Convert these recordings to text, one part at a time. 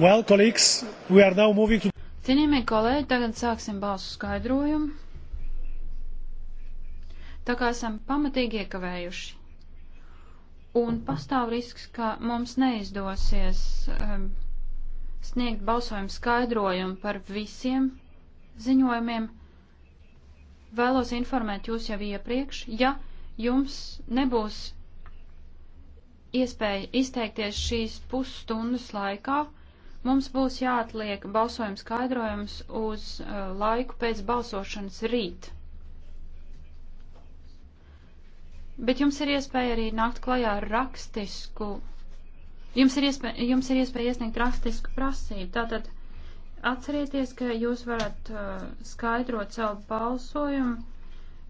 Well, colleagues, we are now moving to... Cienījamie kolēģi, tagad sāksim balsu skaidrojumu. Tā kā esam pamatīgi iekavējuši. Un pastāv risks, ka mums neizdosies um, sniegt balsojumu skaidrojumu par visiem ziņojumiem. Vēlos informēt jūs jau iepriekš, ja jums nebūs iespēja izteikties šīs pusstundas laikā, Mums būs jāatliek balsojuma skaidrojums uz uh, laiku pēc balsošanas rīt. Bet jums ir iespēja arī nākt klajā ar rakstisku. Jums ir, iespēja, jums ir iespēja iesniegt rakstisku prasību. Tātad atcerieties, ka jūs varat uh, skaidrot savu balsojumu,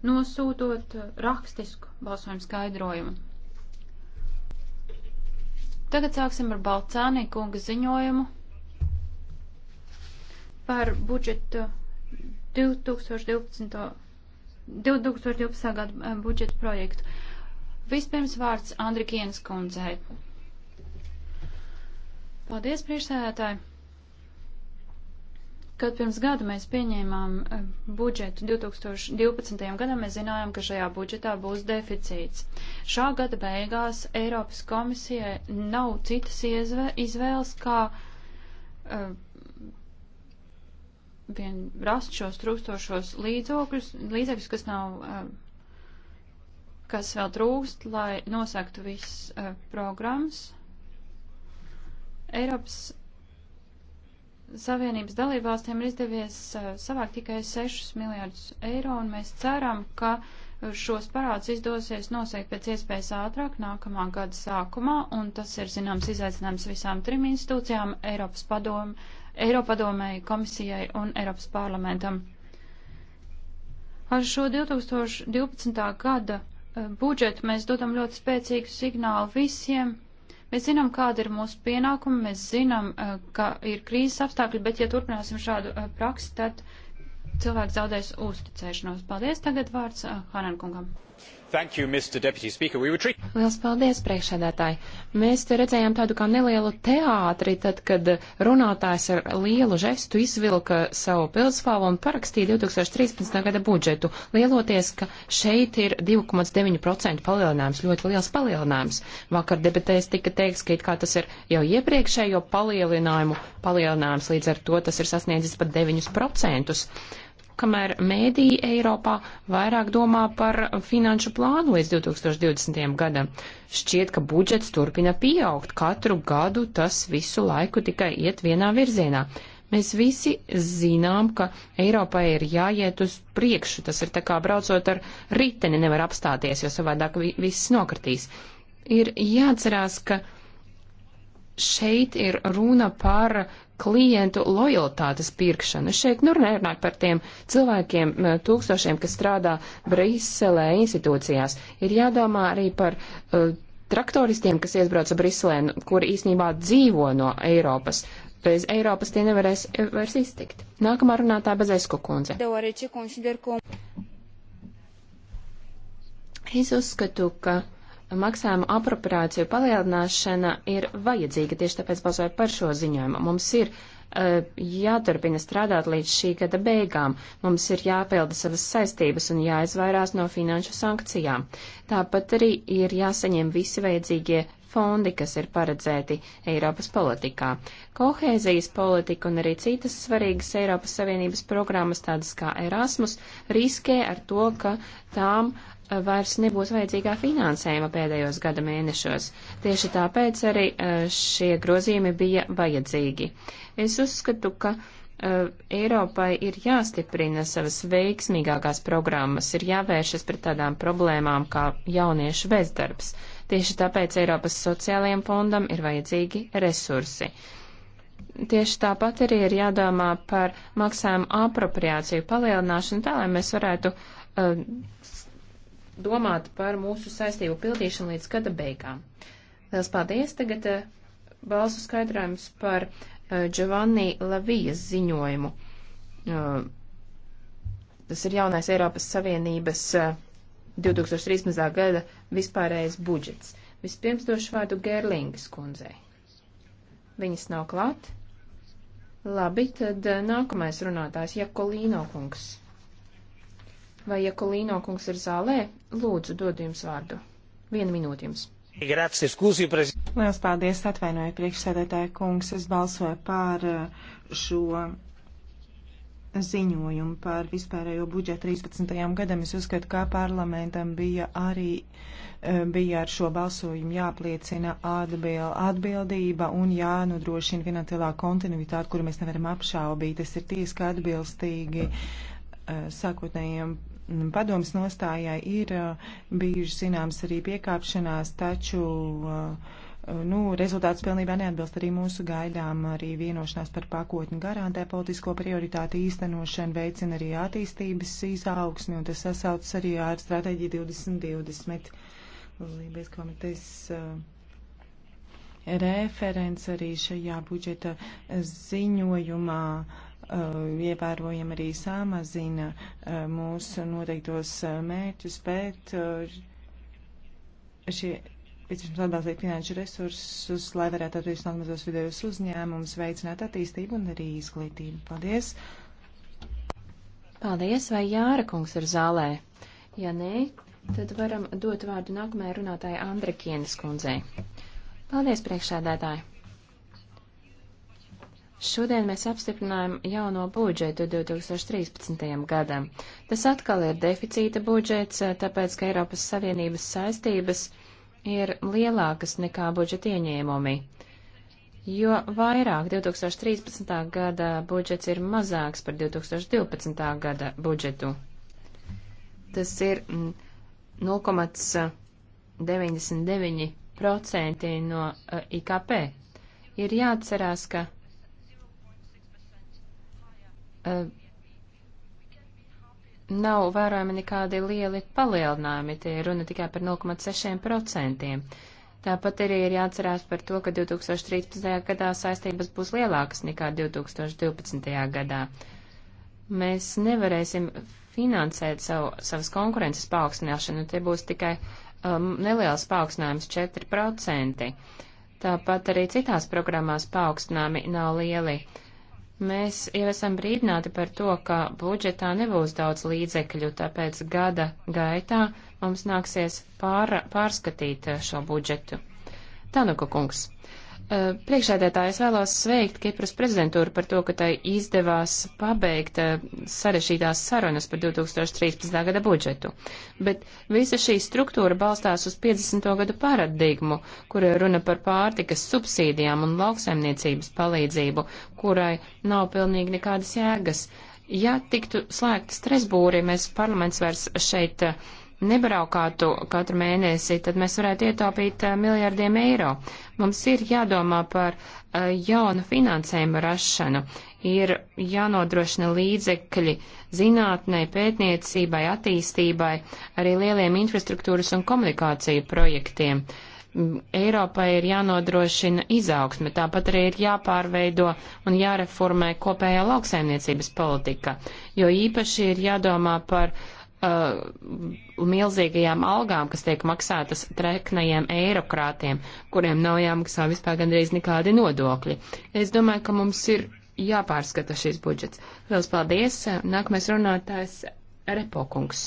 nosūtot uh, rakstisku balsojumu skaidrojumu. Tagad sāksim ar Balcānī kunga ziņojumu par budžetu 2012. 2012. gada budžeta projektu. Vispirms vārds Andrikienas kundzei. Paldies, priekšsēdētāji! Kad pirms gada mēs pieņēmām eh, budžetu 2012. gadam, mēs zinājām, ka šajā budžetā būs deficīts. Šā gada beigās Eiropas komisijai nav citas izvēles, kā uh, vien rast šos trūkstošos līdzokļus, līdzekļus, kas nav, eh, kas vēl trūkst, lai nosaktu viss eh, programmas. Eiropas Savienības dalībvalstiem ir izdevies eh, savākt tikai 6 miljārdus eiro, un mēs ceram, ka šos parādus izdosies noseikt pēc iespējas ātrāk nākamā gada sākumā, un tas ir zināms izaicinājums visām trim institūcijām - Eiropas padomu, Eiropadomēji, komisijai un Eiropas parlamentam. Ar šo 2012. gada eh, budžetu mēs dodam ļoti spēcīgu signālu visiem. Mēs zinām, kāda ir mūsu pienākuma, mēs zinām, eh, ka ir krīzes apstākļi, bet ja turpināsim šādu eh, praksi, tad cilvēks zaudēs uzticēšanos. Paldies, tagad vārds Hanan kungam. You, Liels paldies, priekšsēdētāji! Mēs te redzējām tādu kā nelielu teātri, tad, kad runātājs ar lielu žestu izvilka savu pilsvālu un parakstīja 2013. gada budžetu, lieloties, ka šeit ir 2,9% palielinājums, ļoti liels palielinājums. Vakar debatēs tika teiks, ka it kā tas ir jau iepriekšējo palielinājumu palielinājums, līdz ar to tas ir sasniedzis pat 9% kamēr mēdīji Eiropā vairāk domā par finanšu plānu līdz 2020. gadam. Šķiet, ka budžets turpina pieaugt, katru gadu tas visu laiku tikai iet vienā virzienā. Mēs visi zinām, ka Eiropai ir jāiet uz priekšu. Tas ir tā kā braucot ar riteni, nevar apstāties, jo savādāk viss nokritīs. Ir jāatcerās, ka šeit ir runa par klientu lojalitātes pirkšanu. Šeit nu nerunāju par tiem cilvēkiem, tūkstošiem, kas strādā Briselē institūcijās. Ir jādomā arī par uh, traktoristiem, kas iesbrauca Briselē, nu, kuri īsnībā dzīvo no Eiropas. Bez Eiropas tie nevarēs e, vairs iztikt. Nākamā runātā bez Esku kundze. Es uzskatu, ka maksājumu apropriāciju palielināšana ir vajadzīga, tieši tāpēc balsoju par šo ziņojumu. Mums ir uh, jāturpina strādāt līdz šī gada beigām, mums ir jāpilda savas saistības un jāizvairās no finanšu sankcijām. Tāpat arī ir jāsaņem visi vajadzīgie fondi, kas ir paredzēti Eiropas politikā. Kohēzijas politika un arī citas svarīgas Eiropas Savienības programmas, tādas kā Erasmus, riskē ar to, ka tām vairs nebūs vajadzīgā finansējuma pēdējos gada mēnešos. Tieši tāpēc arī e, šie grozījumi bija vajadzīgi. Es uzskatu, ka e, Eiropai ir jāstiprina savas veiksmīgākās programmas, ir jāvēršas pret tādām problēmām kā jauniešu bezdarbs. Tieši tāpēc Eiropas sociālajiem fondam ir vajadzīgi resursi. Tieši tāpat arī ir jādomā par maksājumu apropriāciju palielināšanu, tā lai mēs varētu uh, domāt par mūsu saistību pildīšanu līdz gada beigām. Liels paldies! Tagad eh, balsu skaidrojums par eh, Giovanni Lavijas ziņojumu. Eh, tas ir jaunais Eiropas Savienības 2013. gada vispārējais budžets. Vispirms došu vārdu Gerlingas kundzei. Viņas nav klāt. Labi, tad nākamais runātājs Jakolīno kungs. Vai, ja Kolīno kungs ir zālē, lūdzu, dod jums vārdu. Vienu minūti jums. Lielas paldies, atvainoju priekšsēdētāju kungs, es balsoju pār uh, šo ziņojumu par vispārējo budžetu 13. gadam. Es uzskatu, kā parlamentam bija arī uh, bija ar šo balsojumu jāpliecina atbil, atbildība un jānodrošina finansiālā kontinuitāte, kuru mēs nevaram apšaubīt. Tas ir tieši atbilstīgi uh, sākotnējiem padomas nostājai ir uh, bijuši zināms arī piekāpšanās, taču uh, nu, rezultāts pilnībā neatbilst arī mūsu gaidām. Arī vienošanās par pakotni garantē politisko prioritāti īstenošanu, veicina arī attīstības izaugsmi, un tas sasaucas arī ar stratēģiju 2020. Lībijas komitejas uh, referents arī šajā budžeta ziņojumā. Uh, Eh, ievērojami arī samazina eh, mūsu noteiktos eh, mērķus, bet šie nepieciešams atbalstīt finanšu resursus, lai varētu atrisināt mazos vidējos uzņēmumus, veicināt attīstību un arī izglītību. Paldies! Paldies, vai Jāra kungs ir zālē? Ja nē, tad varam dot vārdu nākamajai runātāji Andrekienes kundzei. Paldies, priekšsēdētāji! Šodien mēs apstiprinājam jauno budžetu 2013. gadam. Tas atkal ir deficīta budžets, eh, tāpēc, ka Eiropas Savienības saistības ir lielākas nekā budžeta ieņēmumi. Jo vairāk 2013. gada budžets ir mazāks par 2012. gada budžetu. Tas ir 0,99% mm, eh, no eh, IKP. Ir jāatcerās, ka Eh, nav vērojami nekādi lieli palielinājumi, tie runa tikai par 0,6%. Tāpat arī ir jāatcerās par to, ka 2013. gadā saistības būs lielākas nekā 2012. gadā. Mēs nevarēsim finansēt savu, savas konkurences paaugstināšanu, tie būs tikai um, neliels paaugstinājums 4%. Tāpat arī citās programmās paaugstinājumi nav lieli. Uh, Mēs jau esam brīdināti par to, ka budžetā nebūs daudz līdzekļu, tāpēc gada gaitā mums nāksies pār, pārskatīt šo budžetu. Tanuka kungs, Eh, Priekšēdētāji, es vēlos sveikt Kipras prezidentūru par to, ka tai izdevās pabeigt eh, sarešķītās sarunas par 2013. gada budžetu. Bet visa šī struktūra balstās uz 50. gadu paradigmu, kur runa par pārtikas subsīdijām un lauksaimniecības palīdzību, kurai nav pilnīgi nekādas jēgas. Ja tiktu slēgta Stresbūri, mēs parlaments vairs šeit uh, nebraukātu katru mēnesi, tad mēs varētu ietaupīt eh, miljardiem eiro. Mums ir jādomā par eh, jaunu finansējumu rašanu, ir jānodrošina līdzekļi zinātnē, pētniecībai, attīstībai, arī lieliem infrastruktūras un komunikāciju projektiem. Eiropai ir jānodrošina izaugsme, tāpat arī ir jāpārveido un jāreformē kopējā lauksaimniecības politika, jo īpaši ir jādomā par uh, uh, milzīgajām algām, kas tiek maksātas treknajiem eirokrātiem, kuriem nav jāmaksā vispār gandrīz nekādi nodokļi. Es domāju, ka mums ir jāpārskata šis budžets. Lielas paldies! Nākamais runātājs Repokungs.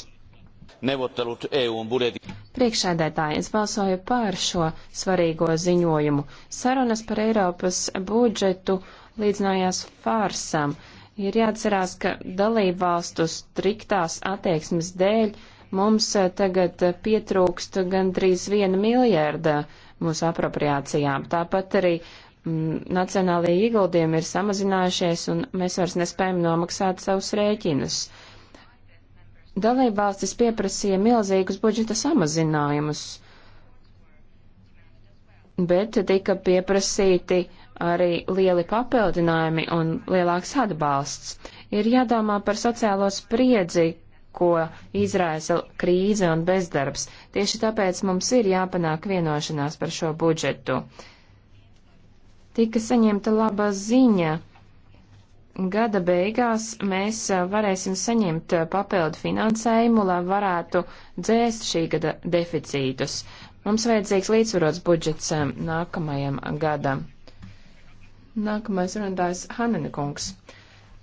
Nevotelut EU un budžeti. Priekšēdētāji, es balsoju pār šo svarīgo ziņojumu. Sarunas par Eiropas budžetu līdzinājās fārsam. Uh, Ir jāatcerās, ka dalību valstu striktās attieksmes dēļ mums eh, tagad eh, pietrūkst gandrīz viena miljārda mūsu apropriācijām. Tāpat arī m, mm, nacionālajie ieguldījumi ir samazinājušies un mēs vairs nespējam nomaksāt savus rēķinus. Dalībvalstis pieprasīja milzīgus budžeta samazinājumus, bet tika pieprasīti uh, arī lieli papildinājumi un lielāks atbalsts. Ir jādomā par sociālo spriedzi, ko izraisa krīze un bezdarbs. Tieši tāpēc mums ir jāpanāk vienošanās par šo budžetu. Tika saņemta laba ziņa. Gada beigās mēs varēsim saņemt papildu finansējumu, lai varētu dzēst šī gada deficītus. Mums vajadzīgs līdzsvarots budžets nākamajam gadam. Nākamais runātājs Hanena kungs.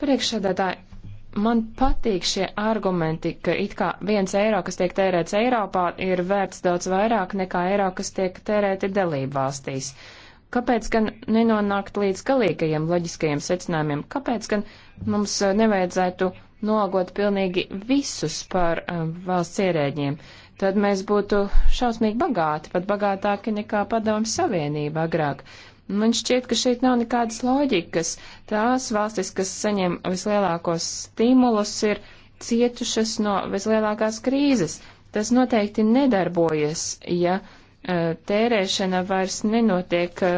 Priekšsēdētāji, man patīk šie argumenti, ka it kā viens eiro, kas tiek tērēts Eiropā, ir vērts daudz vairāk nekā eiro, kas tiek tērēti dalību valstīs. Kāpēc gan nenonākt līdz galīgajiem loģiskajiem secinājumiem? Kāpēc gan mums eh, nevajadzētu nolagot pilnīgi visus par um, valsts ierēģiem? Tad mēs būtu šausmīgi bagāti, pat bagātāki nekā padomu savienība agrāk. Man šķiet, ka šeit nav nekādas loģikas. Tās valstis, kas saņem vislielākos stimulus, ir cietušas no vislielākās krīzes. Tas noteikti nedarbojas, ja e, tērēšana vairs nenotiek e,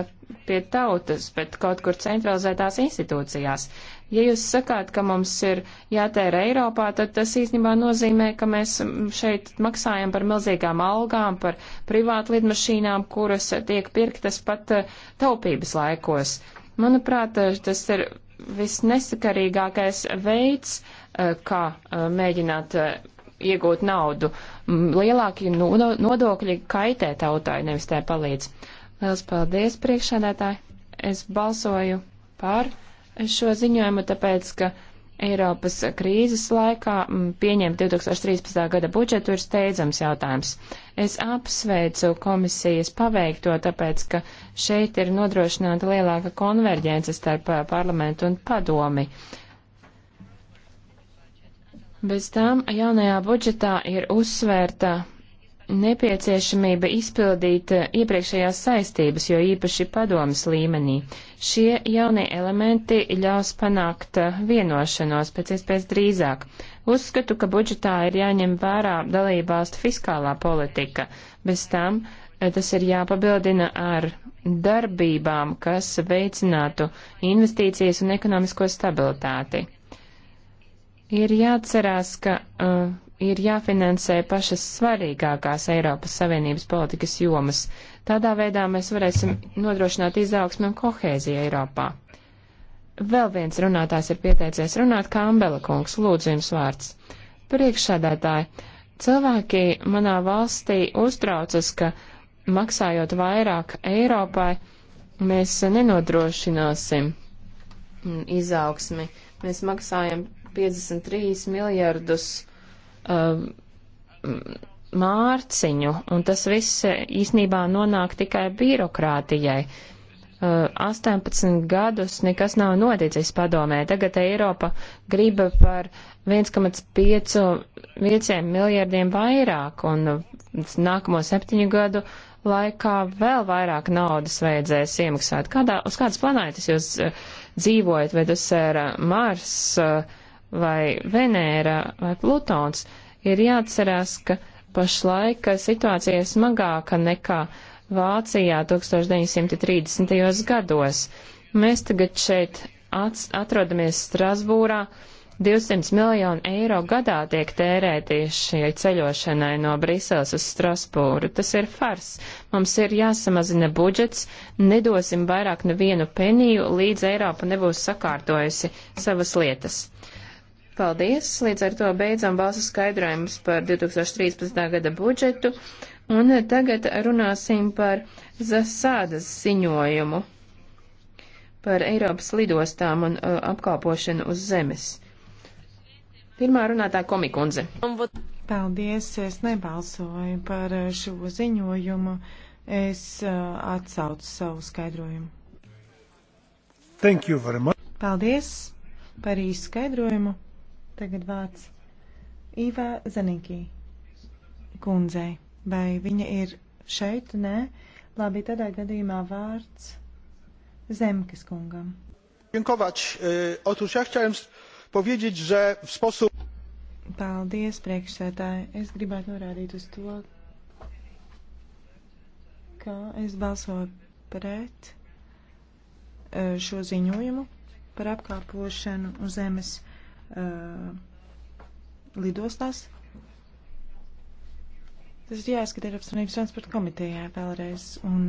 pie tautas, bet kaut kur centralizētās institūcijās. Ja jūs sakāt, ka mums ir jātēra Eiropā, tad tas īstenībā nozīmē, ka mēs šeit maksājam par milzīgām algām, par privātu lidmašīnām, kuras tiek pirktas pat eh, taupības laikos. Manuprāt, eh, tas ir visnesakarīgākais veids, eh, kā mēģināt iegūt naudu. Lielākie nodokļi kaitē tautai, nevis tā palīdz. Lielas paldies, priekšsēdētāji! Es balsoju par šo ziņojumu, tāpēc, ka Eiropas krīzes laikā mm, pieņemt 2013. gada budžetu ir steidzams jautājums. Es apsveicu komisijas paveikto, tāpēc, ka šeit ir nodrošināta lielāka konverģence starp parlamentu un padomi. Bez tām jaunajā budžetā ir uzsvērta nepieciešamība izpildīt eh, iepriekšējās saistības, jo īpaši padomas līmenī. Šie jaunie elementi ļaus panākt eh, vienošanos pēc iespējas drīzāk. Uzskatu, ka budžetā ir jāņem vērā dalībvalstu fiskālā politika. Bez tam eh, tas ir jāpabildina ar darbībām, kas veicinātu investīcijas un ekonomisko stabilitāti. Ir jāatcerās, ka uh, ir jāfinansē pašas svarīgākās Eiropas Savienības politikas jomas. Tādā veidā mēs varēsim nodrošināt izaugsmu un kohēziju Eiropā. Vēl viens runātājs ir pieteicies runāt, kā Ambela kungs, lūdzu jums vārds. Priekšsādātāji, cilvēki manā valstī uztraucas, ka maksājot vairāk Eiropai, mēs nenodrošināsim izaugsmi. Mēs maksājam 53 miljardus um, mārciņu, un tas viss īsnībā nonāk tikai birokrātijai. 18 uh, gadus nekas nav noticis padomē. Tagad Eiropa grib par 1,5 miljardiem vairāk, un uh, nākamo septiņu gadu laikā vēl vairāk naudas vajadzēs iemaksāt. Kādā, uz kādas planētas jūs uh, dzīvojat, vai tas ir Mars? Uh, vai Venēra vai Plutons, ir jāatcerās, ka pašlaik situācija ir smagāka nekā Vācijā 1930. gados. Mēs tagad šeit atrodamies Strasbūrā. 200 miljonu eiro gadā tiek tērēti šai ceļošanai no Briseles uz Strasbūru. Tas ir fars. Mums ir jāsamazina budžets, nedosim vairāk nevienu peniju, līdz Eiropa nebūs sakārtojusi savas lietas. Paldies! Līdz ar to beidzam balsu skaidrojumus par 2013. gada budžetu, un tagad runāsim par Zasādas ziņojumu par Eiropas lidostām un uh, apkalpošanu uz zemes. Pirmā runātā komikundze. Paldies, es nebalsoju par uh, šo ziņojumu, es uh, atsaucu savu skaidrojumu. Thank you very much. Paldies par īsu skaidrojumu. Tagad vārds Īvā Zanikī kundzei. Vai viņa ir šeit? Nē. Labi, tādā gadījumā vārds Zemkes kungam. Dziękować. E, otóż ja chciałem powiedzieć, że w sposób. Paldies, priekšsētāji. Es gribētu norādīt uz to, ka es balsoju pret e, šo ziņojumu par apkāpošanu uz zemes uh, lidostās. Tas ir jāskat Eiropas Savienības transporta komitejā vēlreiz. Un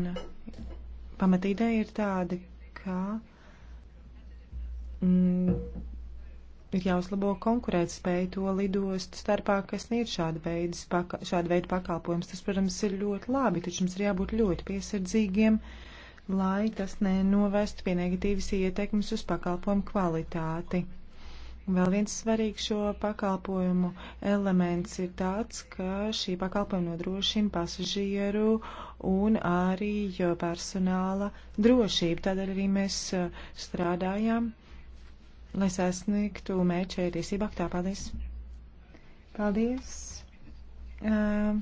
pamatīdeja ir tāda, ka mm, ir jāuzlabo konkurētspēju to lidostu starpā, kas sniedz šāda veida, šāda veida pakalpojums. Tas, protams, ir ļoti labi, taču mums ir jābūt ļoti piesardzīgiem, lai tas nenovestu pie negatīvas ietekmes uz pakalpojumu kvalitāti. Vēl viens svarīgs šo pakalpojumu elements ir tāds, ka šī pakalpojuma nodrošina pasažieru un arī personāla drošību. Tādēļ arī mēs strādājām, lai sasniegtu mērķi tiesību aktā. Paldies! Paldies! Uh,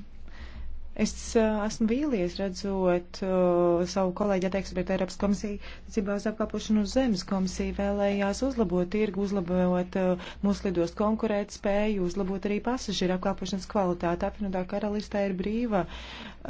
Es uh, esmu vīlies redzot uh, savu kolēģi attieksmi pret Eiropas komisiju, cībā uz apkalpošanu uz zemes komisiju vēlējās uzlabot tirgu, uzlabot uh, mūsu lidost konkurēt spēju, uzlabot arī pasažīru apkalpošanas kvalitāti. Apvienotā karalistē ir brīva uh,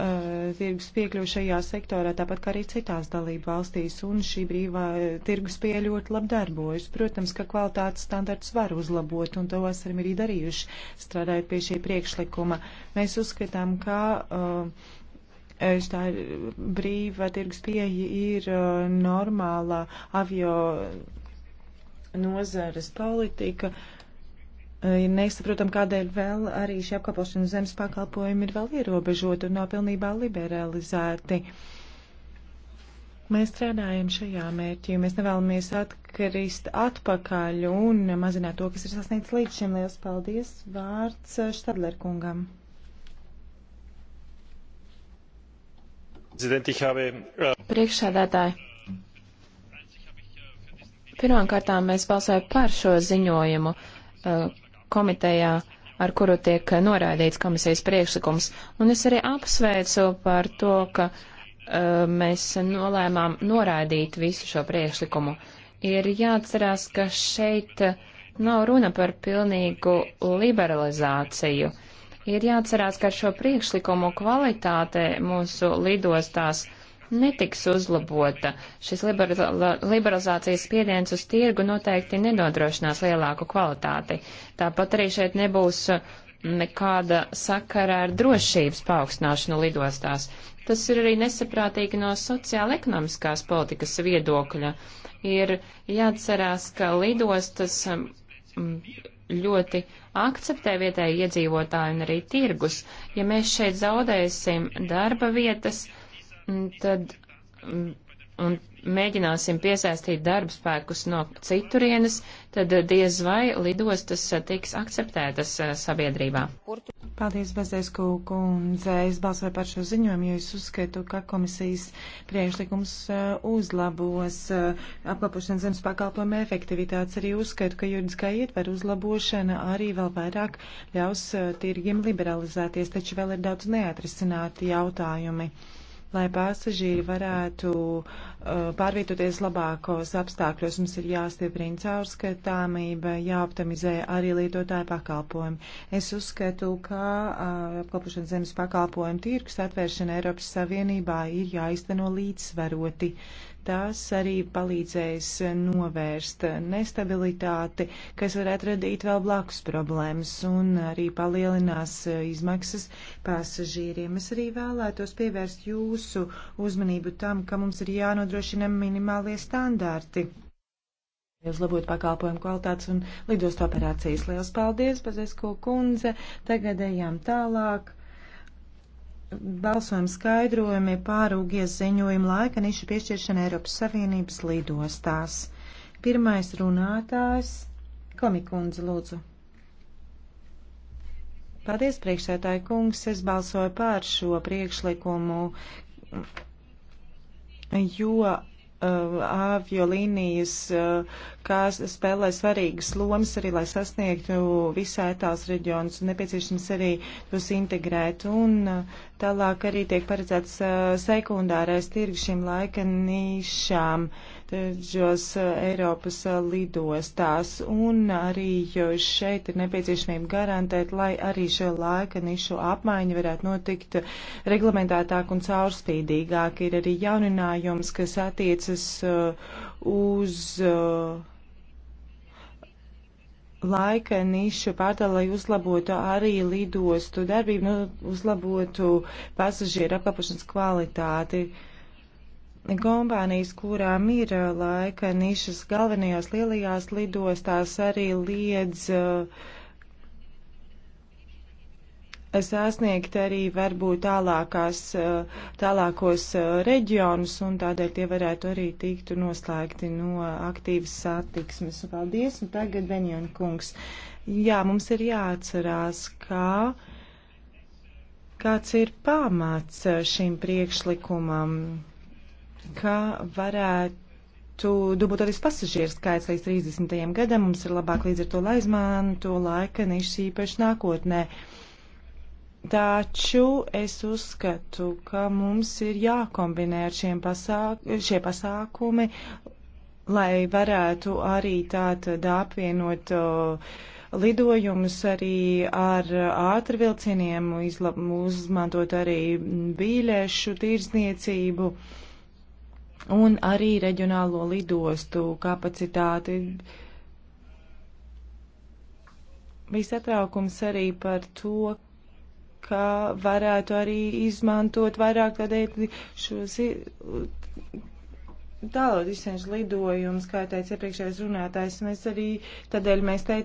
tirgus piekļuva šajā sektorā, tāpat kā arī citās dalību valstīs, un šī brīvā uh, tirgus pieeja ļoti labi darbojas. Protams, ka kvalitātes standarts var uzlabot, un to esam arī darījuši, strādājot pie šī priekšlikuma. Mēs uzskatām, ka Uh, tā brīva tirgus pieeja ir uh, normāla avio nozares politika. Ir uh, nesaprotam, kādēļ vēl arī šī apkalpošana zemes pakalpojumi ir vēl ierobežota un nav pilnībā liberalizēti. Mēs strādājam šajā mērķī, mēs nevēlamies atkrist atpakaļ un mazināt to, kas ir sasniegts līdz šim. Liels paldies! Vārds Štadlerkungam! Äh, Priekšsēdētāji, pirmkārtām mēs balsojam par šo ziņojumu uh, komitejā, ar kuru tiek noraidīts komisijas priekšlikums. Un es arī apsveicu par to, ka uh, mēs nolēmām noraidīt visu šo priekšlikumu. Ir jāatcerās, ka šeit nav runa par pilnīgu liberalizāciju. Uh, Ir jāatcerās, ka ar šo priekšlikumu kvalitāte mūsu lidostās netiks uzlabota. Šis liberalizācijas spiediens uz tirgu noteikti nenodrošinās lielāku kvalitāti. Tāpat arī šeit nebūs nekāda sakara ar drošības paaugstināšanu lidostās. Tas ir arī nesaprātīgi no sociāla ekonomiskās politikas viedokļa. Ir jāatcerās, ka lidostas mm, ļoti akceptē vietēji iedzīvotāji un arī tirgus. Ja mēs šeit zaudēsim darba vietas, mm, tad, mm, un mēģināsim piesaistīt darbspēkus no citurienes, tad diez vai lidostas tiks akceptētas eh, sabiedrībā. Paldies, Bezēsku kundze. Es balsoju par šo ziņojumu, jo es uzskatu, ka komisijas priekšlikums eh, uzlabos eh, apkalpošanas zemes pakalpojumu efektivitātes. Arī uzskatu, ka juridiskā ietver uzlabošana arī vēl vairāk ļaus tirgiem liberalizēties, taču vēl ir daudz neatrisināti jautājumi lai pasažīri varētu uh, pārvietoties labākos apstākļos. Mums ir jāstieprina caurskatāmība, jāoptimizē arī lietotāju pakalpojumi. Es uzskatu, ka uh, apkalpošanas zemes pakalpojumu tirgus atvēršana Eiropas Savienībā ir jāizteno līdzsvaroti. Uh, Tās arī palīdzēs novērst nestabilitāti, kas varētu radīt vēl blakus problēmas un arī palielinās eh, izmaksas pasažīriem. Es arī vēlētos pievērst jūsu uzmanību tam, ka mums ir jānodrošina minimālie standarti uzlabot pakalpojumu kvalitātes un lidostu operācijas. Liels paldies, Pazesko kundze. Tagad ejam tālāk. Balsojuma skaidrojumi pārūgies ziņojuma laika nišu piešķiršana Eiropas Savienības lidostās. Pirmais runātājs - komikundze lūdzu. Paldies, priekšsētāji kungs, es balsoju pār šo priekšlikumu, jo Uh, aviolīnijas, uh, kas spēlē svarīgas lomas arī, lai sasniegtu visā tās reģionus, un nepieciešams arī tos integrēt. Un uh, tālāk arī tiek paredzēts sekundārais tirgs šīm laika nišām dažos Eiropas lidostās, un arī šeit ir nepieciešamība garantēt, lai arī šo laika nišu apmaiņa varētu notikt reglamentētāk un caurspīdīgāk. Ir arī jauninājums, kas attiecas attiecas uh, uz uh, laika nišu pārdala, lai uzlabotu arī lidostu darbību, nu, uzlabotu pasažieru apkapošanas kvalitāti. Kompānijas, kurām ir uh, laika nišas galvenajās lielajās lidostās, arī liedz uh, sasniegt arī varbūt tālākās, tālākos eh, reģionus, un tādēļ tie varētu arī tikt noslēgti no aktīvas satiksmes. Paldies, un tagad Benjana kungs. Jā, mums ir jāatcerās, kā, kāds ir pamats šim priekšlikumam, kā varētu. Dubultoties pasažieru skaits līdz 30. gadam mums ir labāk līdz ar to, lai izmanto laika nišas īpaši nākotnē. Uh, Taču es uzskatu, ka mums ir jākombinē ar šiem pasāk šie pasākumi, lai varētu arī tātad apvienot lidojumus arī ar ātrvilcieniem, uzmantot arī bīļešu tīrzniecību un arī reģionālo lidostu kapacitāti. Bija satraukums arī par to, ka varētu arī izmantot vairāk tādēļ šos tālāk izsēņas lidojums, kā teica iepriekšējais runātājs. Mēs arī tādēļ mēs te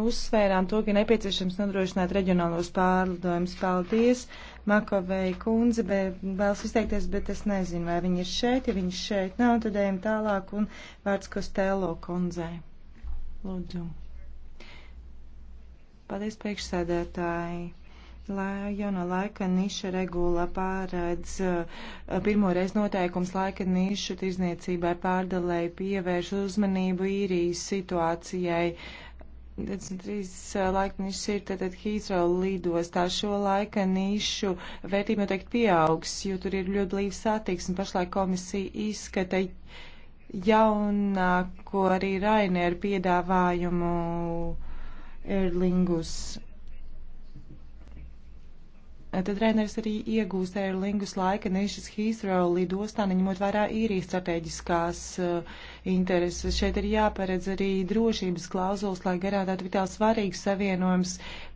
uzsvērām to, ka nepieciešams nodrošināt reģionālos pārlidojumus. Paldies, Makovei kundze, vēlas izteikties, bet es nezinu, vai viņi ir šeit. Ja viņi šeit nav, tad ejam tālāk un vārds Kostēlo kundzei. Lūdzu. Paldies, priekšsēdētāji. Lai jauno laika niša regula pārēdz eh, pirmoreiz noteikums laika nišu tirzniecībai pārdalēji pievērš uzmanību īrijas situācijai. 23 eh, laika nišas ir tātad Hīzrau lidostā. Šo laika nišu vērtība noteikti pieaugs, jo tur ir ļoti blīvs satiksme. Pašlaik komisija izskata jaunāko arī Rainieru piedāvājumu Erlingus Tad treneris arī iegūst Air Lingus laika nišas Heathrow lidostā, neņemot vērā īrijas strateģiskās uh, intereses. Šeit ir jāparedz arī drošības klauzulas, lai garādātu vitāli svarīgs savienojums,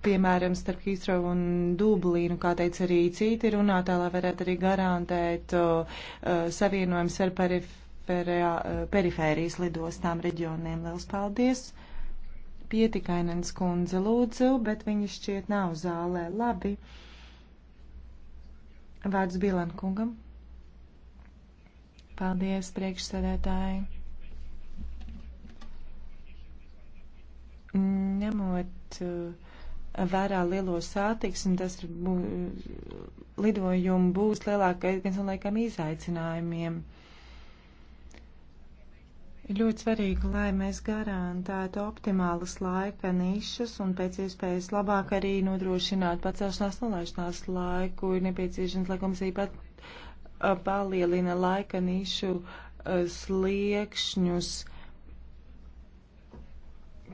piemēram, starp Heathrow un Dublīnu, kā teica arī citi runātā, lai varētu arī garantēt uh, uh savienojums ar perif perā, uh, perifērijas lidostām reģioniem. Liels paldies! Pietikainens kundze lūdzu, bet viņa šķiet nav zālē. Labi. Vārds Bilan kungam. Paldies, priekšsēdētāji. Ņemot uh, vērā lielo sātiksmi, tas ir bū, lidojumu būs lielākais, gan laikam, izaicinājumiem. Uh, Ir ļoti svarīgi, lai mēs garantētu optimālas laika nišas un pēc iespējas labāk arī nodrošinātu pacelšanās nolaišanās laiku. Ir nepieciešams, lai komisija pat palielina laika nišu sliekšņus.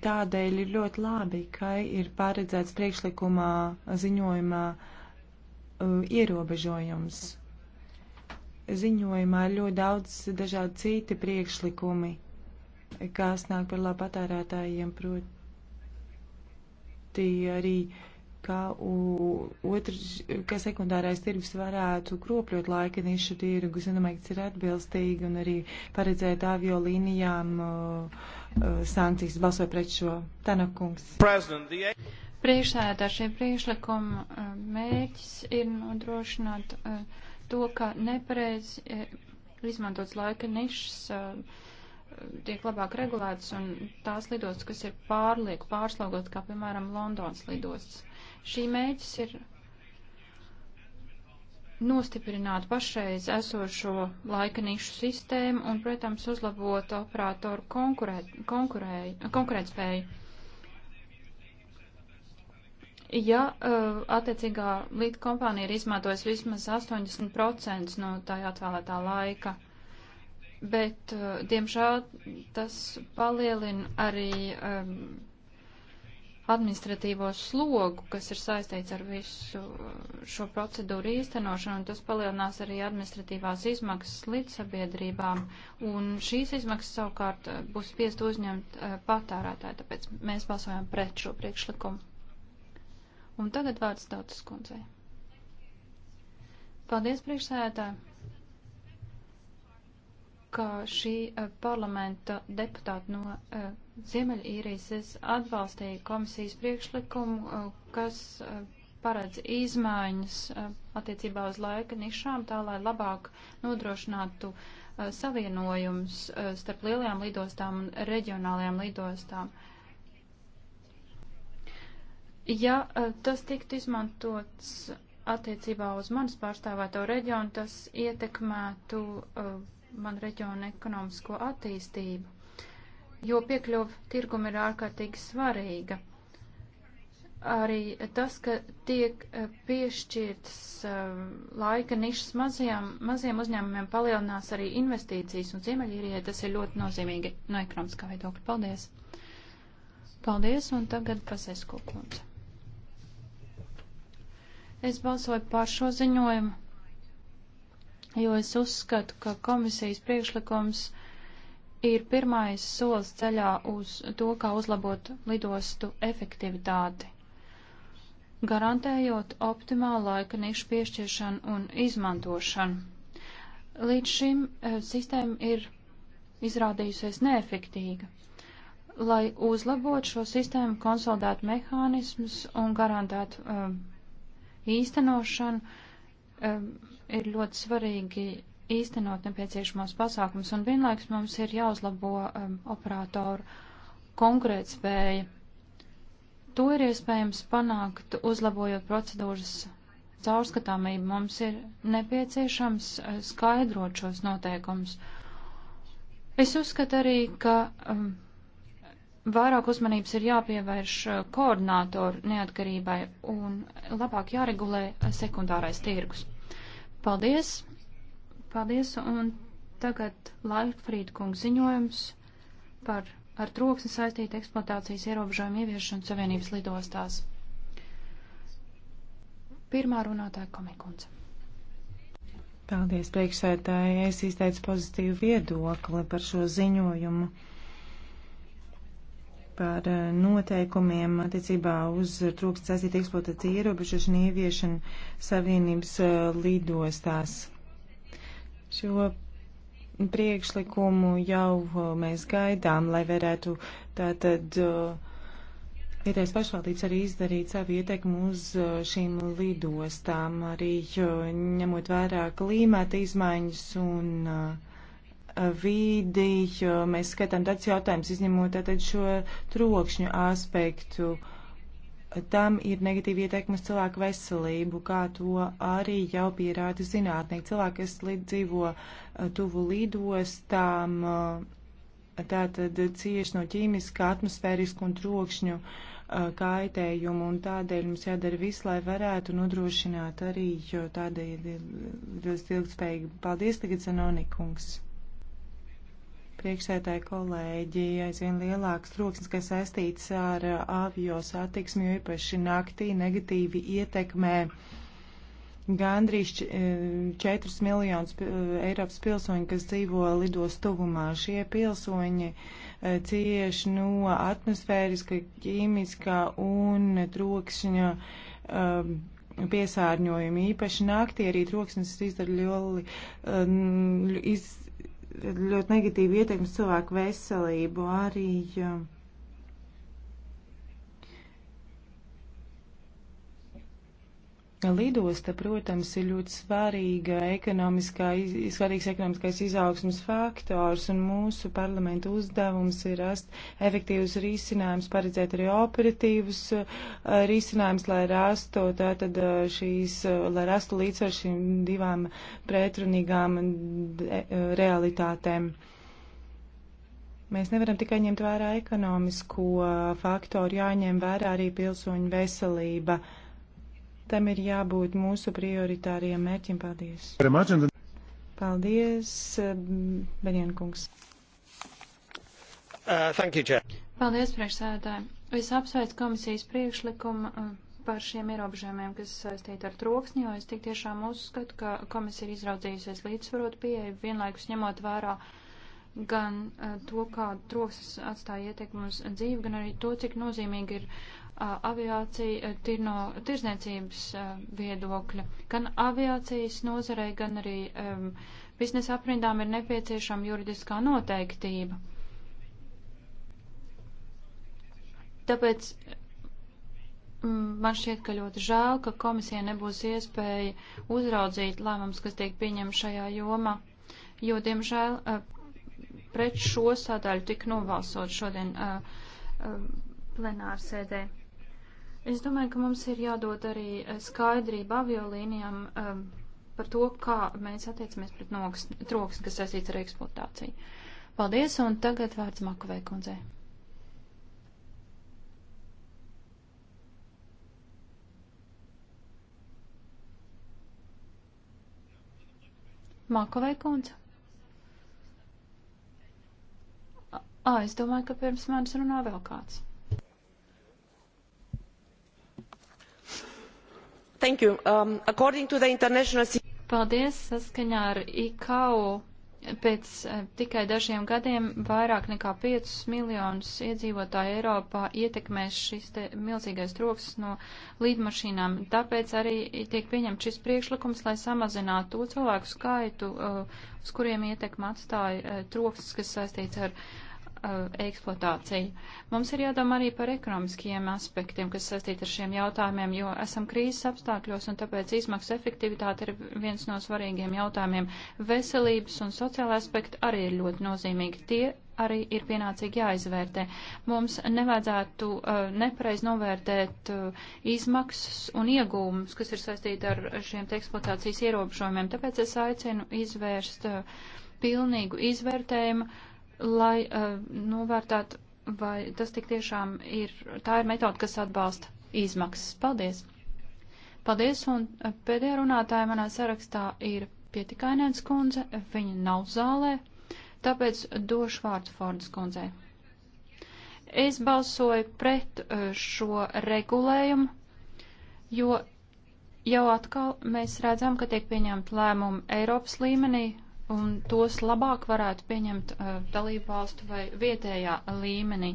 Tādēļ ir ļoti labi, ka ir paredzēts priekšlikumā ziņojumā ierobežojums. Ziņojumā ir ļoti daudz dažādi citi priekšlikumi kas nāk par labu patērētājiem, proti arī, ka otrs, ka sekundārais tirgus varētu kropļot laika nišu tirgu, zināmēks ir atbilstīgi un arī paredzēt avio līnijām uh, sankcijas balsoja pret šo Tanakungs. Priekšsēdā šie priekšlikuma e, mērķis ir nodrošināt uh, to, ka nepareiz uh, izmantots laika nišas tiek labāk regulētas un tās lidostas, kas ir pārlieku pārslogotas, kā piemēram Londonas lidostas. Šī mēģis ir nostiprināt pašreiz esošo laika nišu sistēmu un, protams, uzlabot operatoru konkurēt, konkurē, konkurētspēju. Ja uh, attiecīgā līdz kompānija ir izmantojusi vismaz 80% no tā atvēlētā laika, bet, uh, diemžēl, tas palielina arī um, administratīvo slogu, kas ir saistīts ar visu uh, šo procedūru īstenošanu, un tas palielinās arī administratīvās izmaksas līdz sabiedrībām, un šīs izmaksas savukārt uh, būs spiest uzņemt uh, patērētāji, tāpēc mēs balsojam pret šo priekšlikumu. Un tagad vārds tautas kundzei. Paldies, priekšsēdētāji! kā šī eh, parlamenta deputāta no eh, Ziemeļīrijas, es atbalstīju komisijas priekšlikumu, eh, kas paredz izmaiņas attiecībā uz laika nišām, tā lai labāk nodrošinātu savienojums starp lielajām lidostām un reģionālajām lidostām. Ja tas tiktu izmantots attiecībā uz manas pārstāvēto reģionu, tas ietekmētu uh, man reģiona ekonomisko attīstību, jo piekļuva tirguma ir ārkārtīgi svarīga. Arī tas, ka tiek eh, piešķirtas eh, laika nišas mazajām, mazajiem uzņēmumiem, palielinās arī investīcijas, un Ziemeļīrijai tas ir ļoti nozīmīgi no ekonomiskā viedokļa. Paldies! Paldies, un tagad pasēs kukundze. Es balsoju par šo ziņojumu jo es uzskatu, ka komisijas priekšlikums ir pirmais solis ceļā uz to, kā uzlabot lidostu efektivitāti, garantējot optimālu laika nišu piešķiršanu un izmantošanu. Līdz šim e, sistēma ir izrādījusies neefektīga. Lai uzlabotu šo sistēmu, konsolidētu mehānismus un garantētu um, īstenošanu, um, ir ļoti svarīgi īstenot nepieciešamos pasākumus, un vienlaiks mums ir jāuzlabo um, operātoru konkurētspēja. To ir iespējams panākt, uzlabojot procedūras caurskatāmību. Mums ir nepieciešams uh, skaidrot šos noteikumus. Es uzskatu arī, ka um, vairāk uzmanības ir jāpievērš uh, koordinātoru neatkarībai un labāk jāregulē sekundārais tirgus. Paldies! Paldies! Un tagad Laikfrīd kungs ziņojums par ar troksni saistītu eksploatācijas ierobežojumu ieviešanu Savienības lidostās. Pirmā runātāja komikundze. Paldies, priekšsētāji. Es izteicu pozitīvu viedokli par šo ziņojumu par eh, noteikumiem attiecībā uz trūkst saistīta eksploatācija ierobežošanu ieviešanu savienības eh, lidostās. Šo priekšlikumu jau eh, mēs gaidām, lai varētu tātad vietējais pašvaldības arī izdarīt savu ieteikumu uz šīm lidostām, arī ņemot vērā klīmēta izmaiņas un uh, vīdi, jo mēs skatām tāds jautājums, izņemot tātad šo trokšņu aspektu. Tam ir negatīva ieteikuma uz cilvēku veselību, kā to arī jau pierāda zinātnieki. Cilvēki, kas dzīvo eh, tuvu lidostām, eh, tātad cieši no ķīmiska, atmosfēriska un trokšņu eh, kaitējumu, un tādēļ mums jādara viss, lai varētu nodrošināt arī, jo tādēļ ir ļoti ilgspējīgi. Paldies, tagad Zanonikungs priekšsētāji kolēģi, aizvien lielāks troksnis, kas saistīts ar uh, avio satiksmi, jo īpaši naktī negatīvi ietekmē gandrīz 4 uh, miljonus uh, Eiropas pilsoņu, kas dzīvo lidos tuvumā. Šie pilsoņi cieši no atmosfēriska, ķīmiskā un trokšņa um, piesārņojumi. Īpaši naktī arī troksnis izdara ļoti, um, iz, ļoti negatīvu ietekmi cilvēku veselību, arī uh, Lidosta, protams, ir ļoti svarīga ekonomiskā, svarīgs ekonomiskais izaugsmas faktors, un mūsu parlamenta uzdevums ir rast efektīvus risinājumus, paredzēt arī operatīvus eh, risinājumus, lai rastu tātad eh, šīs, eh, lai rastu līdzsvaru šīm divām pretrunīgām realitātēm. Mēs nevaram tikai ņemt vērā ekonomisko faktoru, jāņem vērā arī pilsoņu veselība. Uh, Tam ir jābūt mūsu prioritāriem mērķim. Paldies! Paldies, eh, Benjankungs! Uh, thank you, Chair. Paldies, priekšsēdētāji. Es apsveicu komisijas priekšlikumu eh, par šiem ierobežojumiem, kas saistīti ar troksni, jo es tik tiešām uzskatu, ka komisija ir izraudzījusies līdzsvarot pieeju, vienlaikus ņemot vērā gan eh, to, kā troksnis atstāja ietekmi uz dzīvi, gan arī to, cik nozīmīgi ir aviācija tir no tirzniecības viedokļa. Gan aviācijas nozarei, gan arī um, biznesa aprindām ir nepieciešama juridiskā noteiktība. Tāpēc man šķiet, ka ļoti žēl, ka komisija nebūs iespēja uzraudzīt lēmums, kas tiek pieņemts šajā jomā, jo, diemžēl, pret šo sadaļu tik novalsot šodien plenārsēdē. Es domāju, ka mums ir jādod arī eh, skaidrība aviolīnijām um, par to, kā mēs attiecamies pret troksni, kas saistīts ar eksploatāciju. Paldies, un tagad vārds Makovei kundzei. Makovei kundze. Ā, es domāju, ka pirms manis runā vēl kāds. Um, international... Paldies, saskaņā ar IKAU pēc eh, tikai dažiem gadiem vairāk nekā 5 miljonus iedzīvotāju Eiropā ietekmēs šis milzīgais troksnis no līdmašīnām. Tāpēc arī tiek pieņemts šis priekšlikums, lai samazinātu to cilvēku skaitu, eh, uz kuriem ietekma atstāja eh, troksnis, kas saistīts ar uh, eksploatāciju. Mums ir jādomā arī par ekonomiskajiem aspektiem, kas saistīti ar šiem jautājumiem, jo esam krīzes apstākļos un tāpēc izmaksu efektivitāte ir viens no svarīgiem jautājumiem. Veselības un sociāla aspekti arī ir ļoti nozīmīgi. Tie arī ir pienācīgi jāizvērtē. Mums nevajadzētu uh, nepareiz novērtēt uh, izmaksas un iegūmus, kas ir saistīti ar šiem eksploatācijas ierobežojumiem. Tāpēc es aicinu izvērst uh, pilnīgu izvērtējumu lai uh, novērtētu, vai tas tik tiešām ir, tā ir metode, kas atbalsta izmaksas. Paldies! Paldies, un eh, pēdējā runātāja manā sarakstā ir pietikainēns kundze, viņa nav zālē, tāpēc došu vārdu Fordas kundzei. Es balsoju pret eh, šo regulējumu, jo jau atkal mēs redzam, ka tiek pieņemt lēmumu Eiropas līmenī, un tos labāk varētu pieņemt uh, dalību valstu vai vietējā līmenī.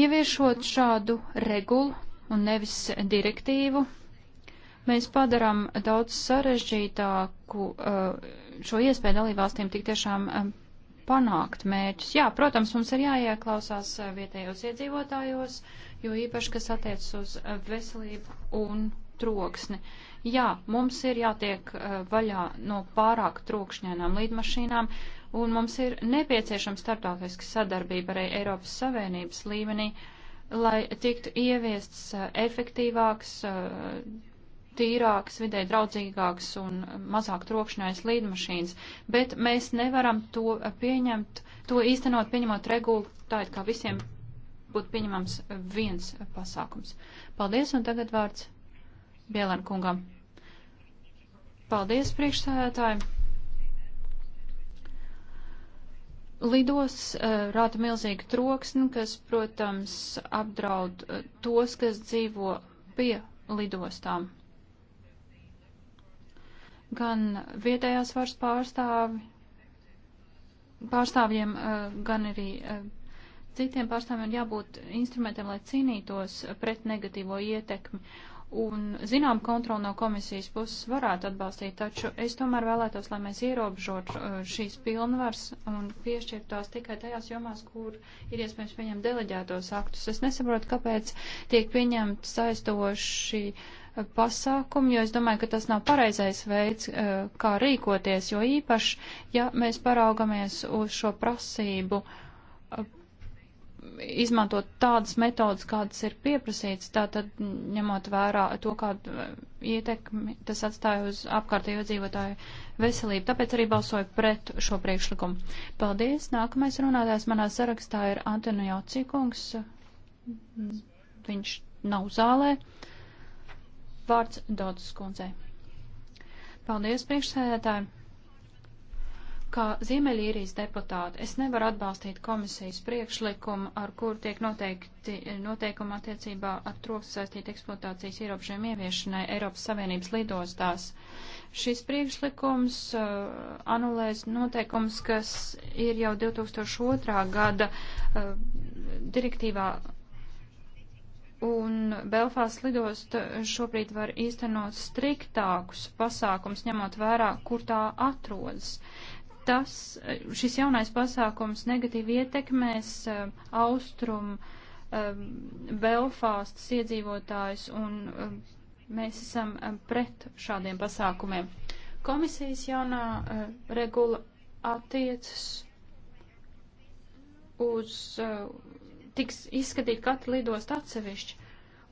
Ieviešot šādu regulu un nevis direktīvu, mēs padaram daudz sarežģītāku uh, šo iespēju dalībvalstīm tik tiešām uh, panākt mērķus. Jā, protams, mums ir jāieklausās uh, vietējos iedzīvotājos, jo īpaši, kas attiecas uz uh, veselību un troksni. Jā, mums ir jātiek eh, vaļā no pārāk trokšņainām līdmašīnām, un mums ir nepieciešama starptautiska sadarbība arī Eiropas Savienības līmenī, lai tiktu ieviests eh, efektīvāks, eh, tīrāks, vidē draudzīgāks un mazāk trokšņais līdmašīnas, bet mēs nevaram to pieņemt, to īstenot, pieņemot regulu tā, it kā visiem būtu pieņemams viens pasākums. Paldies, un tagad vārds Bielan kungam. Paldies, priekšsēdētāji. Lidos uh, rāda milzīga troksni, kas, protams, apdraud uh, tos, kas dzīvo pie lidostām. Gan vietējās varas pārstāvi, pārstāvjiem, uh, gan arī citiem pārstāvjiem jābūt instrumentiem, lai cīnītos pret negatīvo ietekmi. Uh, Un, zinām, kontroli no komisijas puses varētu atbalstīt, taču es tomēr vēlētos, lai mēs ierobežotu uh, šīs pilnvars un piešķirtu tās tikai tajās jomās, kur ir iespējams pieņemt deleģētos aktus. Es nesaprotu, kāpēc tiek pieņemt saistoši uh, pasākumi, jo es domāju, ka tas nav pareizais veids, uh, kā rīkoties, jo īpaši, ja mēs paraugamies uz šo prasību uh, izmantot tādas metodas, kādas ir pieprasītas, tātad ņemot vērā to, kādu uh, ietekmi tas atstāja uz apkārtējo dzīvotāju veselību. Tāpēc arī balsoju pret šo priekšlikumu. Paldies. Nākamais runātājs manā sarakstā ir Antonio Cikungs. Viņš nav zālē. Vārds Dodas kundzei. Paldies, priekšsēdētāji. Kā Ziemeļīrijas deputāte, es nevaru atbalstīt komisijas priekšlikumu, ar kur tiek noteikti noteikuma attiecībā ar troksni saistīt eksploatācijas ierobežiem ieviešanai Eiropas Savienības lidostās. Šis priekšlikums uh, anulēs noteikums, kas ir jau 2002. gada uh, direktīvā un Belfāsts lidost šobrīd var īstenot striktākus pasākums, ņemot vērā, kur tā atrodas tas, šis jaunais pasākums negatīvi ietekmēs eh, austrumu eh, Belfāstas iedzīvotājs, un eh, mēs esam pret šādiem pasākumiem. Komisijas jaunā regula attiecas uz, tiks izskatīt katru lidostu atsevišķi,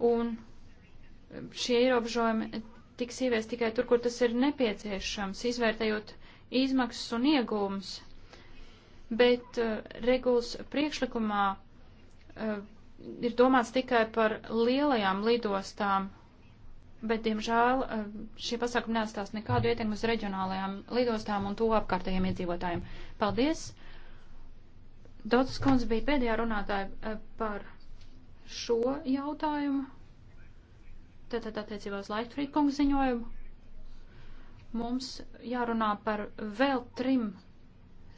un šie ierobežojumi tiks ieviest tikai tur, kur tas ir nepieciešams, izvērtējot izmaksas un iegūmas, bet uh, regulas priekšlikumā uh, ir domāts tikai par lielajām lidostām, bet, diemžēl, uh, šie pasākumi neatstās nekādu ietekmi uz reģionālajām lidostām un to apkārtējiem iedzīvotājiem. Paldies! Dots Kons bija pēdējā runātāja uh, par šo jautājumu, tātad attiecībā uz Laiktfrīd kungu ziņojumu. Mums jārunā par vēl trim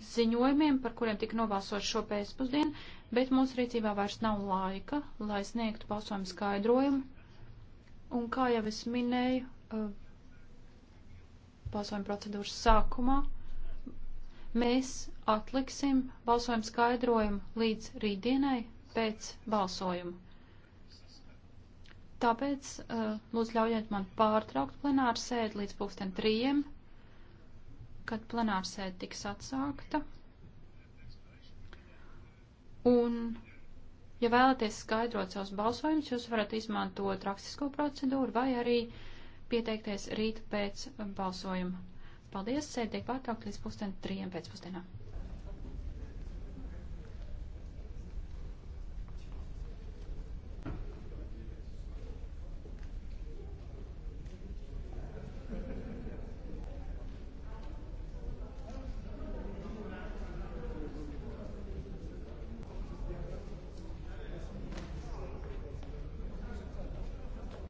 ziņojumiem, par kuriem tika nobalsot šo pēcpusdienu, bet mūsu rīcībā vairs nav laika, lai sniegtu balsojumu skaidrojumu. Un kā jau es minēju, uh, balsojuma procedūras sākumā mēs atliksim balsojumu skaidrojumu līdz rītdienai pēc balsojuma. Tāpēc uh, lūdzu ļaujiet man pārtraukt plenāru sēdi līdz pulksten trījiem, kad plenāru sēdi tiks atsākta. Un, ja vēlaties skaidrot savus balsojumus, jūs varat izmantot rakstisko procedūru vai arī pieteikties rīt pēc balsojuma. Paldies, sēdi tiek pārtraukt līdz pulksten trījiem pēcpusdienā.